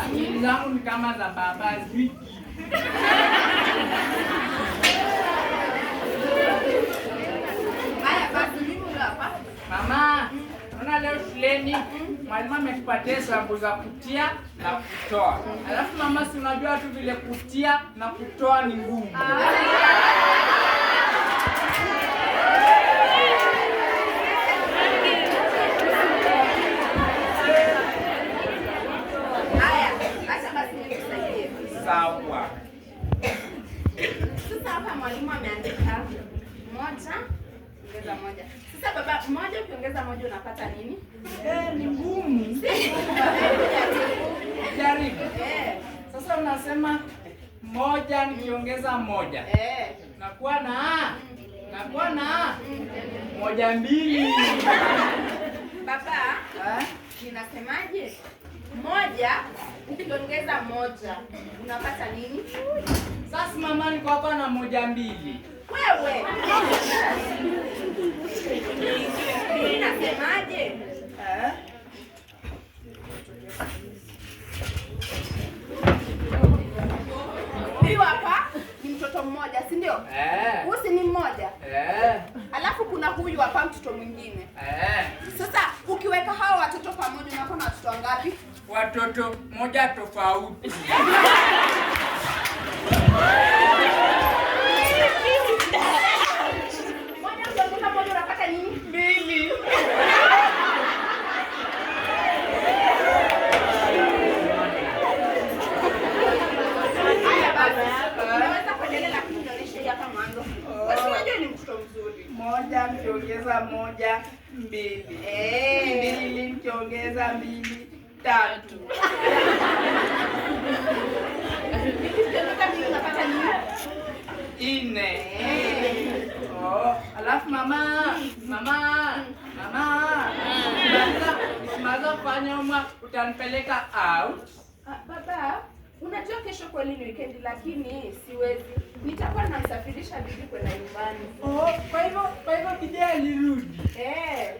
Akili zangu ni kama za baba Ziggy. Mama, naona leo shuleni mwalimu ametupatia hesabu za kutia na kutoa. Alafu mama, si unajua tu vile kutia na kutoa ni ngumu. Ah. sawa. Sasa hapa mwalimu ameandika moja ongeza moja. Sasa baba, moja ukiongeza moja unapata nini? Eh, ni ngumu. Jaribu. Eh. Sasa unasema moja nikiongeza moja eh, nakuwa na mm. nakuwa na mm. moja mbili. Baba, eh? ninasemaje? moja ukiongeza moja unapata nini? Sasa mama, niko hapa na moja mbili. Wewe nasemaje? Eh? Huyu hapa ni mtoto mmoja, si ndio? Eh. ni mmoja, eh. alafu kuna huyu hapa mtoto mwingine. Sasa ukiweka hao watoto pamoja unakuwa na watoto wangapi? watoto moja tofauti. moja mkiongeza moja mbili, eh. mbili mkiongeza mbili tatu ine. Oh, alafu mama mama mama, nisimaliza kufanya homework utanipeleka out? Ah, baba, unajua kesho kweli ni weekend, lakini siwezi, nitakuwa namsafirisha bibi kwenda nyumbani. Oh, kwa hivyo kwa hivyo bibi alirudi eh